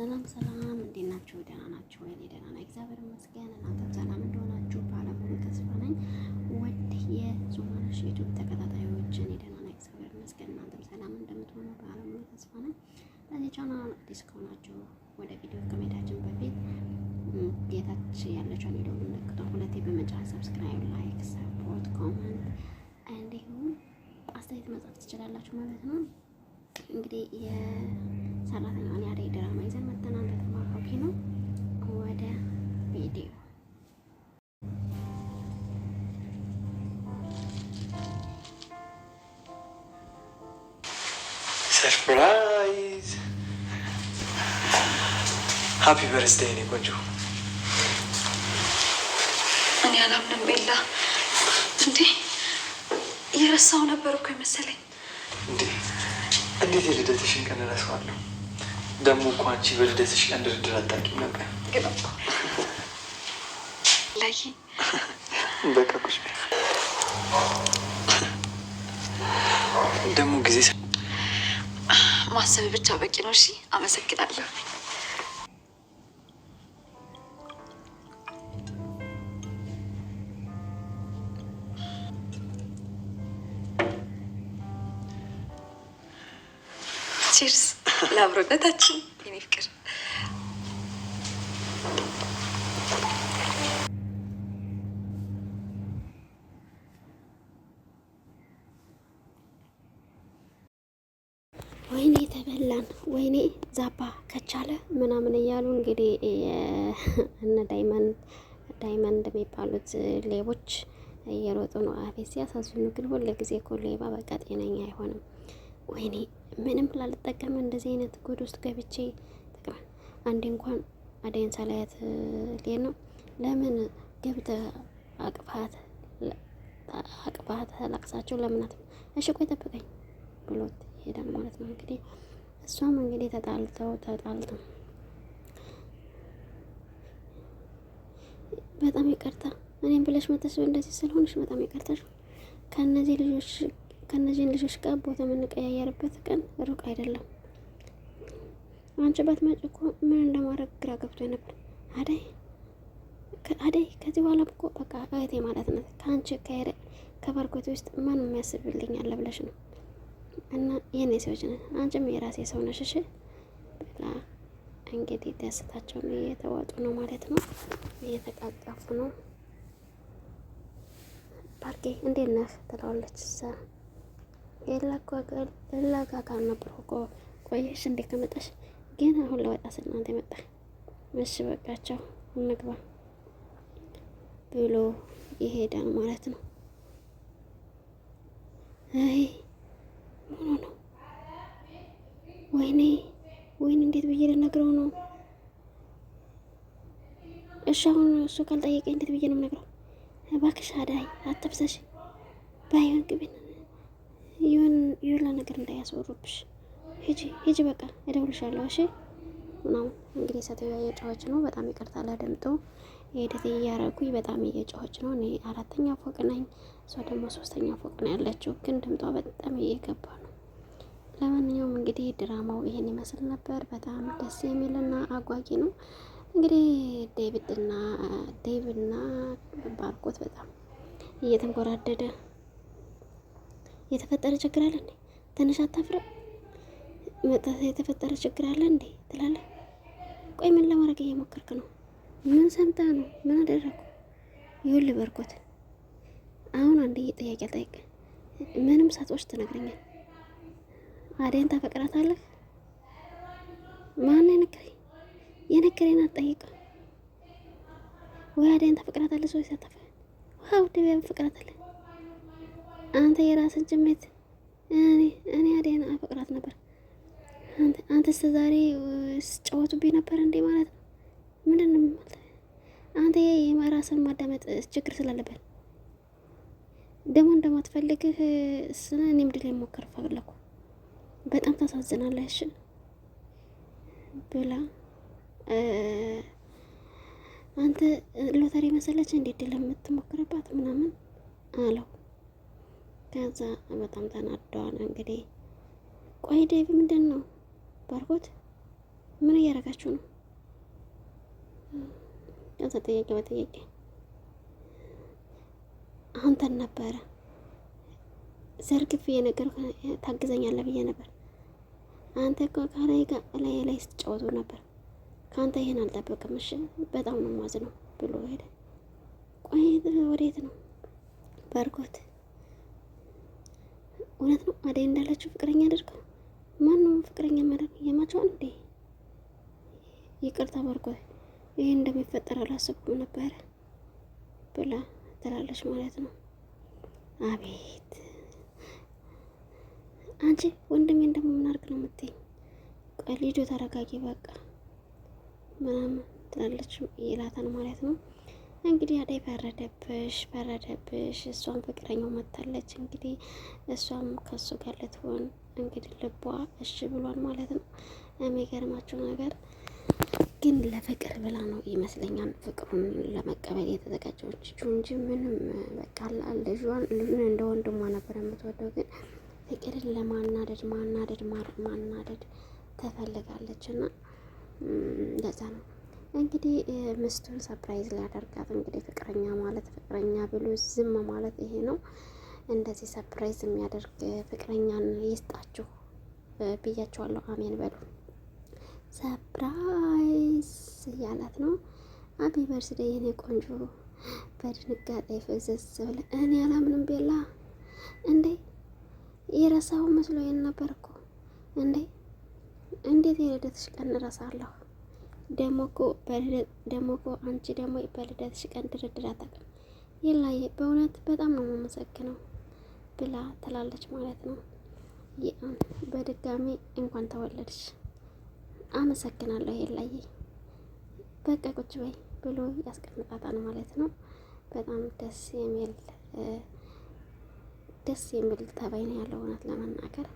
ሰላም ሰላም፣ እንዴት ናችሁ? ደህና ናችሁ ወይ? ደህና ነኝ፣ እግዚአብሔር ይመስገን። እናንተም ሰላም እንደሆናችሁ ባለሙሉ ተስፋ ነኝ። ወድ የዙማኖች ዩቱብ ተከታታዮች እኔ ደህና ነኝ፣ እግዚአብሔር ይመስገን። እናንተም ሰላም እንደምትሆኑ ባለሙሉ ተስፋ ነኝ። ለዚህ ቻናል አዲስ ከሆናችሁ ወደ ቪዲዮ ከመሄዳችን በፊት ጌታች ያለችው ሚለው ምልክቶ ሁለቴ በመጫን ሰብስክራይብ፣ ላይክ፣ ሰፖርት፣ ኮመንት እንዲሁም አስተያየት መጻፍ ትችላላችሁ ማለት ነው እንግዲህ ሰራተኛዋን የአደይ ድራማ ይዘን መተናል። ተጠማቋቂ ነው። ወደ ቪዲዮ ሰርፕራይዝ ሃፒ በርዝዴይ ነው ቆንጆ። እኔ አላምንም ቤላ እንዴ እየረሳው ነበር እኮ የመሰለኝ። እንዴ እንዴት የልደትሽን ቀን እረሳዋለሁ? ደግሞ እኮ አንቺ በልደትሽ ቀን ድርድር አታውቂም ነበር። በቃ ቁጭ ደግሞ ጊዜ ማሰብ ብቻ በቂ ነው። እሺ፣ አመሰግናለሁ። ቺርስ ለአብሮነታችን የኔ ፍቅር ወይኔ ተበላን፣ ወይኔ ዛባ ከቻለ ምናምን እያሉ እንግዲህ እነ ዳይመንድ ዳይመንድ የሚባሉት ሌቦች እየሮጡ ነው። አቤት ሲያሳዝኑ! ግን ጊዜ እኮ ሌባ በቃ ጤነኛ አይሆንም። ወይኔ ምንም ላልጠቀም እንደዚህ አይነት ጉድ ውስጥ ገብቼ ጠቅማ አንዴ እንኳን አደይን ሳላያት ሌል ነው። ለምን ገብተ አቅፋት አቅፋት ላቅሳቸው ለምናት እሺ ቆይ ጠብቀኝ ብሎት ይሄዳል ማለት ነው። እንግዲህ እሷም እንግዲህ ተጣልተው ተጣልተው በጣም ይቀርታ እኔም ብለሽ መተስብ እንደዚህ ስለሆንሽ በጣም ይቀርታሽ ከእነዚህ ልጆች ከነዚህን ልጆች ጋር ቦታ የምንቀያየርበት ቀን ሩቅ አይደለም። አንቺ ባትመጪ እኮ ምን እንደማድረግ ግራ ገብቶ ነበር። አደይ አደይ ከዚህ በኋላ እኮ በቃ እህቴ ማለት ነው። ከአንቺ ከበርኮቴ ውስጥ ማን የሚያስብልኛል ብለሽ ነው እና የኔ ሰዎች ነን። አንቺም የራሴ ሰው ነሽ እሺ። በቃ እንግዲህ ደስታቸውን እየተዋጡ ነው ማለት ነው፣ እየተቃቀፉ ነው። ፓርኬ እንዴት ነህ ትለዋለች እዛ የላኩ ነበር እኮ ቆየሽ እንዴ ከመጣሽ ግን አሁን ለወጣ ስናንተ መጣ መሽ በቃቸው እንግባ ብሎ ይሄዳል ማለት ነው። አይ ምኑ ነው? ወይኔ ወይኔ እንዴት ብዬ ልነግረው ነው? እሺ አሁን እሱ ካልጠየቀኝ እንዴት ብዬ ነው የምነግረው? እባክሽ አዳይ አትብሰሽ ባይሆን ግቢና የሆነ ነገር እንዳያስወሩብሽ ሂጂ ሂጂ፣ በቃ እደውልሻለሁ እሺ ምናምን። እንግዲህ ሴትዮዋ እየጮኸች ነው። በጣም ይቅርታ ላደምጠው የሂደት እያረጉኝ በጣም እየጮኸች ነው። እኔ አራተኛ ፎቅ ነኝ፣ እሷ ደግሞ ሶስተኛ ፎቅ ነው ያለችው፣ ግን ድምጧ በጣም እየገባ ነው። ለማንኛውም እንግዲህ ድራማው ይሄን ይመስል ነበር። በጣም ደስ የሚልና አጓጊ ነው። እንግዲህ ዴቪድና ዴቪድና ባርኮት በጣም እየተንጎራደደ የተፈጠረ ችግር አለ እንዴ? ትንሽ አታፍራ መጣት የተፈጠረ ችግር አለ እንዴ ትላለ? ቆይ ምን ለማድረግ እየሞከርክ ነው? ምን ሰምተህ ነው? ምን አደረግኩ? ይኸውልህ በርኮት፣ አሁን አንድ ጥያቄ አልጠይቅ። ምንም ሳትዋሽ ትነግረኛል። አደይን ታፈቅራታለህ? ማን የነገረኝ? የነገረኝ አትጠይቅም ወይ? አደይን ታፈቅራታለህ? ሰው ይሳተፈ ዋው ደቢያ ፍቅራታለህ አንተ የራስን ጭሜት እኔ እኔ አደይን አፈቅራት ነበር። አንተ እስከ ዛሬ ስጫወቱብኝ ነበር እንዴ ማለት ነው። ምንድንም አንተ የራስን ማዳመጥ ችግር ስላለበት ደግሞ እንደማትፈልግህ ስለ እኔ ምድል የሞከር ፈለኩ። በጣም ታሳዝናለሽ ብላ አንተ ሎተሪ መሰለች እንዴት ድል የምትሞክርባት ምናምን አለው። ከዛ በጣም ተናደዋል። እንግዲህ ቆይ ዴቪ ምንድን ነው ባርኮት ምን እያደረጋችሁ ነው? ከዛ ጥያቄ በጥያቄ አንተን ነበረ ዘርግፍ የነገር ታግዘኛለህ ብዬ ነበር። አንተ እኮ ከላይ ላይ ላይ ስትጫወቱ ነበር። ከአንተ ይህን አልጠበቅም። እሺ በጣም ነው ማዝ ነው ብሎ ሄደ። ቆይ ወዴት ነው ባርኮት እውነት ነው አደይ እንዳለችው ፍቅረኛ አድርገው ማንም ፍቅረኛ ማድረግ የማቸው እንዴ ይቅርታ ባርኮት ይህ እንደሚፈጠር አላሰብኩም ነበረ ብላ ትላለች ማለት ነው። አቤት አንቺ ወንድሜ ደግሞ ምን አድርግ ነው የምትይኝ? ልጆ ተረጋጊ በቃ ምናምን ትላለች ይላታል ማለት ነው። እንግዲህ አደይ ፈረደብሽ ፈረደብሽ። እሷም ፍቅረኛው መታለች። እንግዲህ እሷም ከሱ ጋር ልትሆን እንግዲህ ልቧ እሺ ብሏል ማለት ነው። የሚገርማቸው ነገር ግን ለፍቅር ብላ ነው ይመስለኛል ፍቅሩን ለመቀበል የተዘጋጀች እንጂ ምንም በቃ ልጇን ልጁን እንደ ወንድሟ ነበር የምትወደው። ግን ፍቅርን ለማናደድ ማናደድ ማናደድ ተፈልጋለች እና ለዛ ነው እንግዲህ ምስቱን ሰፕራይዝ ሊያደርጋት እንግዲህ ፍቅረኛ ማለት ፍቅረኛ ብሎ ዝም ማለት ይሄ ነው። እንደዚህ ሰፕራይዝ የሚያደርግ ፍቅረኛን ይስጣችሁ ብያችኋለሁ። አሜን በሉ። ሰፕራይዝ እያላት ነው። አቢ በርስደ የኔ ቆንጆ በድንጋጤ ፍዝዝ ብለ እኔ አላምንም ቤላ እንዴ የረሳው መስሎ ነበር እኮ እንዴ እንዴት የልደትሽ ቀን እረሳለሁ ደግሞ እኮ አንቺ ደግሞ በልደትሽ ቀን ድርድር አታውቅም። በእውነት በጣም ነው የማመሰግነው ብላ ትላለች ማለት ነው። በድጋሚ እንኳን ተወለድሽ አመሰግናለሁ ይላዬ፣ በቃ ቁጭ በይ ብሎ ያስቀምጣታል ማለት ነው። በጣም ደስ የሚል ደስ የሚል ተባይ ነው ያለው እውነት ለመናገር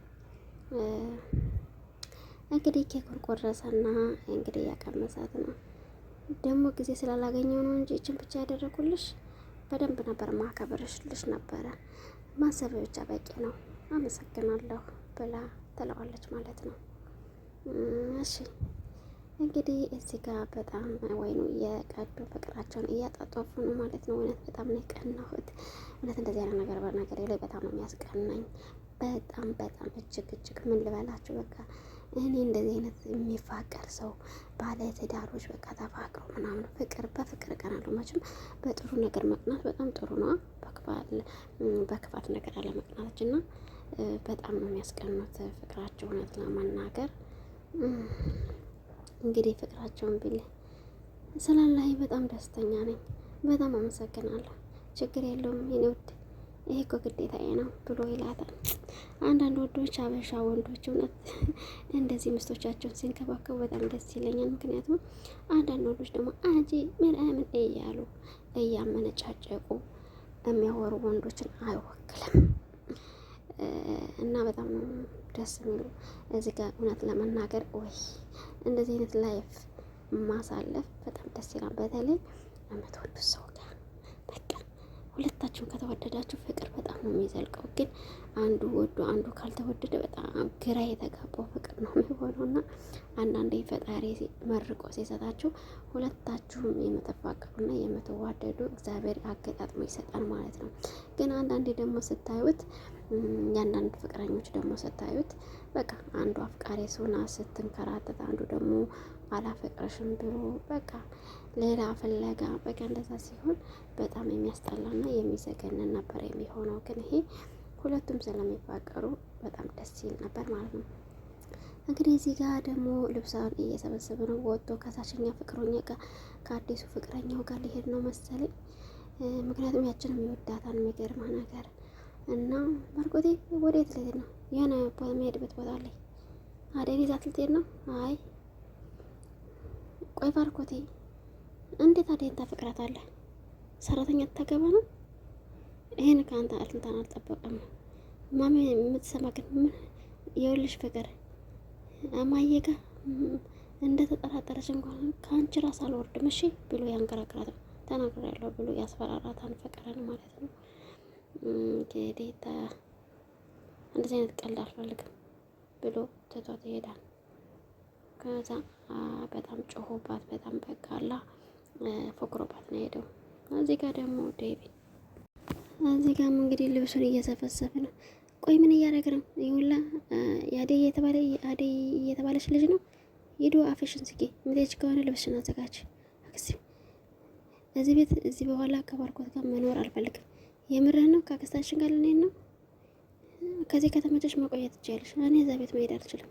እንግዲህ ኬኩን ቆረሰና እንግዲህ እያቀመሳት ነው። ደግሞ ጊዜ ስላላገኘው ነው እንጂ እችን ብቻ ያደረጉልሽ በደንብ ነበር ማከብርሽልሽ ነበረ። ማሰብ ብቻ በቂ ነው። አመሰግናለሁ ብላ ትለዋለች ማለት ነው። እሺ እንግዲህ እዚህ ጋር በጣም ወይኑ እየቀዱ ፍቅራቸውን እያጣጠፉ ነው ማለት ነው። እውነት በጣም ነው የቀናሁት። እውነት እንደዚህ አይነት ነገር በነገሬ ላይ በጣም ነው የሚያስቀናኝ። በጣም በጣም እጅግ እጅግ ምን ልበላችሁ በቃ እኔ እንደዚህ አይነት የሚፋቀር ሰው ባለ ትዳሮች በቃ ተፋቅሮ ምናምን ፍቅር በፍቅር እቀናለሁ። መቼም በጥሩ ነገር መቅናት በጣም ጥሩ ነው። በክፋት ነገር አለመቅናቶች እና በጣም ነው የሚያስቀኑት ፍቅራቸው። እውነት ለመናገር እንግዲህ ፍቅራቸውን ብል ስላላይ በጣም ደስተኛ ነኝ። በጣም አመሰግናለሁ። ችግር የለውም የኔ ውድ ይሄ እኮ ግዴታዬ ነው ብሎ ይላታል። አንዳንድ ወንዶች አበሻ ወንዶች እውነት እንደዚህ ምስቶቻቸውን ሲንከባከቡ በጣም ደስ ይለኛል። ምክንያቱም አንዳንድ ወንዶች ደግሞ አንቺ ምናምን እያሉ እያመነጫጨቁ የሚያወሩ ወንዶችን አይወክልም እና በጣም ደስ የሚሉ እዚህ ጋር እውነት ለመናገር ወይ እንደዚህ አይነት ላይፍ ማሳለፍ በጣም ደስ ይላል። በተለይ አመት ወንዱ ሰው ጋር በቃ ሁለታችሁን ከተወደዳችሁ ነው የሚዘልቀው። ግን አንዱ ወዶ አንዱ ካልተወደደ በጣም ግራ የተጋባው ፍቅር ነው የሚሆነው እና አንዳንዴ ፈጣሪ መርቆ ሲሰጣችሁ ሁለታችሁም የመተፋቀሩና የመተዋደዱ እግዚአብሔር አገጣጥሞ ይሰጣል ማለት ነው። ግን አንዳንዴ ደግሞ ስታዩት የአንዳንድ ፍቅረኞች ደግሞ ስታዩት በቃ አንዱ አፍቃሪ ሱና ስትንከራተት፣ አንዱ ደግሞ አላፈቅረሽም ብሎ በቃ ሌላ ፍለጋ በቃ እንደዛ ሲሆን በጣም የሚያስጠላና የሚዘገንን ነበር የሚሆነው። ግን ይሄ ሁለቱም ስለሚፋቀሩ በጣም ደስ ይል ነበር ማለት ነው። እንግዲህ እዚህ ጋር ደግሞ ልብሳን እየሰበሰበ ነው ወጥቶ ከታችኛ ፍቅረኛ ጋር ከአዲሱ ፍቅረኛው ጋር ሊሄድ ነው መሰለኝ። ምክንያቱም ያችን የሚወዳታን የሚገርምህ ነገር እና ባርኮቴ ወዴት ልትሄድ ነው? የሆነ ቦታ ቦታ ላይ አደን ይዛት ልትሄድ ነው? አይ ቆይ ባርኮቴ፣ እንዴት አደይን ታፈቅራታለህ? ሰራተኛ ታገባ ነው? ይሄን ከአንተ አልንታን አልጠበቀም። ማሚ የምትሰማ ግን ምን የውልሽ ፍቅር እማዬ እንደ ተጠራጠረች እንኳን ከአንቺ ራስ አልወርድም እሺ ብሎ ያንከራክራት ተናግሬያለሁ ብሎ ያስፈራራታን ፍቅርን ማለት ነው። እንግዲህ እንደዚህ አይነት ቀልድ አልፈልግም ብሎ ትቷት ይሄዳል። ከዛ በጣም ጮሆባት፣ በጣም በቃላ ፎክሮባት ነው ሄደው። እዚህ ጋር ደግሞ ዴቪ እዚህ ጋርም እንግዲህ ልብሱን እየሰፈሰፈ ነው። ቆይ ምን እያደረገ ነው? ይሁላ አደይ እየተባለ አደይ እየተባለች ልጅ ነው። ሂዱ አፍሽን ስጌ ምትች ከሆነ ልብስሽን አዘጋጅ። አክስቴ እዚህ ቤት እዚህ በኋላ ከባርኮት ጋር መኖር አልፈልግም። የምርህ ነው? ከአክስታችን ጋር ልንሄድ ነው። ከዚህ ከተመቸሽ መቆየት ትችያለሽ። እኔ እዛ ቤት መሄድ አልችልም።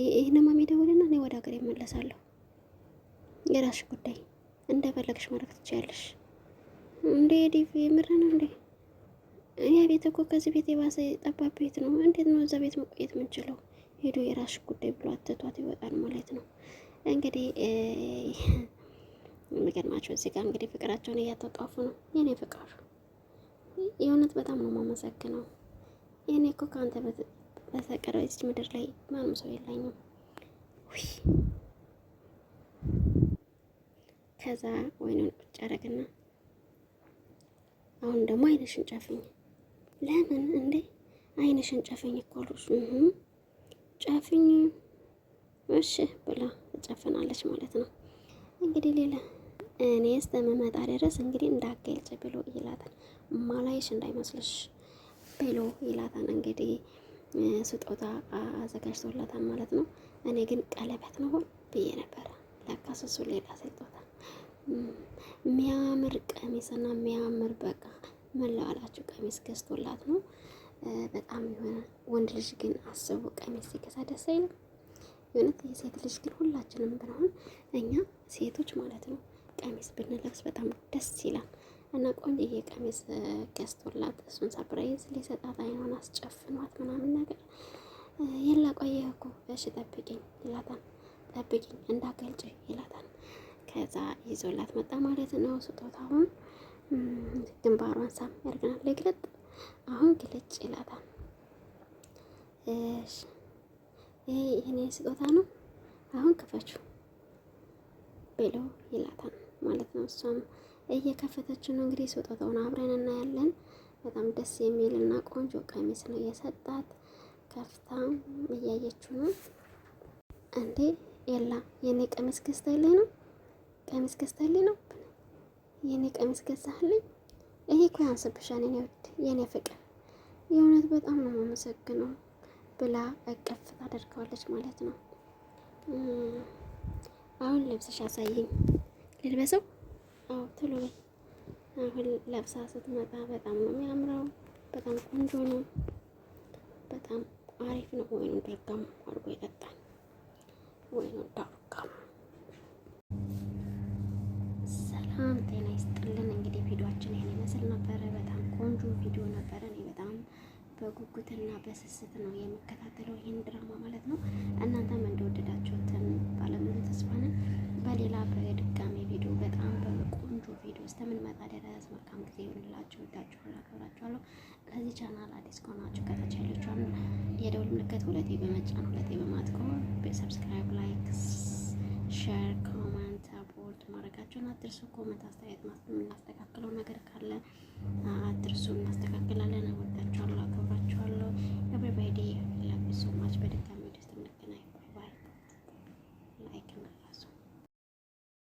ይህን ማሜ ደውልና እኔ ወደ ሀገር እመለሳለሁ። የራስሽ ጉዳይ እንደፈለግሽ ማድረግ ትችያለሽ። እንዴ ዲፍ የምር እንዴ? ያ ቤት እኮ ከዚህ ቤት የባሰ ጠባብ ቤት ነው። እንዴት ነው እዛ ቤት መቆየት የምንችለው? ሄዶ የራስሽ ጉዳይ ብሎ አትቷት ይወጣል ማለት ነው። እንግዲህ የሚገርማቸው እዚህ ጋር እንግዲህ ፍቅራቸውን እያተቃፉ ነው። የኔ ፍቅር የእውነት በጣም ነው የማመሰግነው። የኔ እኮ ከአንተ በስተቀር በዚች ምድር ላይ ማንም ሰው የለኝም። ከዛ ወይኑን ቁጭ አደረግና አሁን ደግሞ አይነሽን ጨፍኝ። ለምን እንዴ? አይነሽን ጨፍኝ እኮ አሉሽ። ጨፍኝ እሺ ብላ ትጨፍናለች ማለት ነው። እንግዲህ ሌላ እኔ እስከምመጣ ድረስ እንግዲህ እንዳገልጭ ብሎ ይላታል። ማላይሽ እንዳይመስልሽ ብሎ ይላታል እንግዲህ ስጦታ አዘጋጅቶላታል ማለት ነው። እኔ ግን ቀለበት ነው ሆን ብዬ ነበረ። ለካስ ሌላ ስጦታ የሚያምር ቀሚስና የሚያምር በቃ መለዋላቸው ቀሚስ ገዝቶላት ነው። በጣም የሆነ ወንድ ልጅ ግን አስቡ ቀሚስ ሲገዛ ደስ አይልም። የእውነት የሴት ልጅ ግን ሁላችንም ብንሆን እኛ ሴቶች ማለት ነው ቀሚስ ብንለብስ በጣም ደስ ይላል። እና ቆንጆዬ ቀሚስ ገዝቶላት እሱን ሰፕራይዝ ሊሰጣት አይኗን አስጨፍኗት ምናምን ነገር የላ ቆየህ እኮ እሺ ጠብቂኝ ይላታል። ጠብቂኝ እንዳገልጭ ይላታል። ከዛ ይዞላት መጣ ማለት ነው ስጦታውን። ግንባሯን ሳም ያርግናል። ለግለጥ አሁን ግልጭ ይላታል። እሺ ይህኔ ስጦታ ነው አሁን ክፈችው ብሎ ይላታል ማለት ነው እሷም እየከፈተች ነው። እንግዲህ ስጦታውን አብረን እናያለን። በጣም ደስ የሚል እና ቆንጆ ቀሚስ ነው የሰጣት። ከፍታ እያየችው ነው። እንዴ ኤላ የኔ ቀሚስ ገዝታልኝ ነው ቀሚስ ገዝታልኝ ነው የኔ ቀሚስ ገዛልኝ። ይሄ እኮ ያንስብሻል የኔ ውድ የኔ ፍቅር፣ የእውነት በጣም ነው የማመሰግነው ብላ እቅፍ ታደርገዋለች ማለት ነው። አሁን ልብስሽ አሳይኝ ልልበሰው አዎ ቶሎ በይ። አሁን ለብሳ ስትመጣ በጣም ነው የሚያምረው። በጣም ቆንጆ ነው። በጣም አሪፍ ነው። ወይኑ ደርጋም አድርጎ ይጠጣል። ወይኑን ዳርጋም። ሰላም ጤና ይስጥልን። እንግዲህ ቪዲዮችን ይህን ይመስል ነበረ። በጣም ቆንጆ ቪዲዮ ነበረ። እኔ በጣም በጉጉትና በስስት ነው የምከታተለው ይህን ድራማ ማለት ነው። እናንተም እንደወደዳችሁትን ባለሙሉ ተስፋ ነን። በሌላ በድጋሚ ቪዲዮ በጣም በቆንጆ ቪዲዮ እስከምንመጣ ድረስ መልካም ጊዜ ይሁንላችሁ። ወዳችሁን አከብራችኋለሁ። ከዚህ ቻናል አዲስ ከሆናችሁ ከታች ያለችኋል የደውል ምልክት ሁለቴ በመጫን ሁለቴ በማጥቆር ሰብስክራይብ፣ ላይክ፣ ሼር፣ ኮመንት፣ አፖርት ማድረጋችሁን አትርሱ። ኮመንት አስተያየት የምናስተካክለው ነገር ካለ አትርሱ፣ እናስተካክላለን። ወዳችኋለሁ፣ አከብራችኋለሁ። ኤቨሪባዲ ላቭ ዩ ሶ ማች በድጋሚ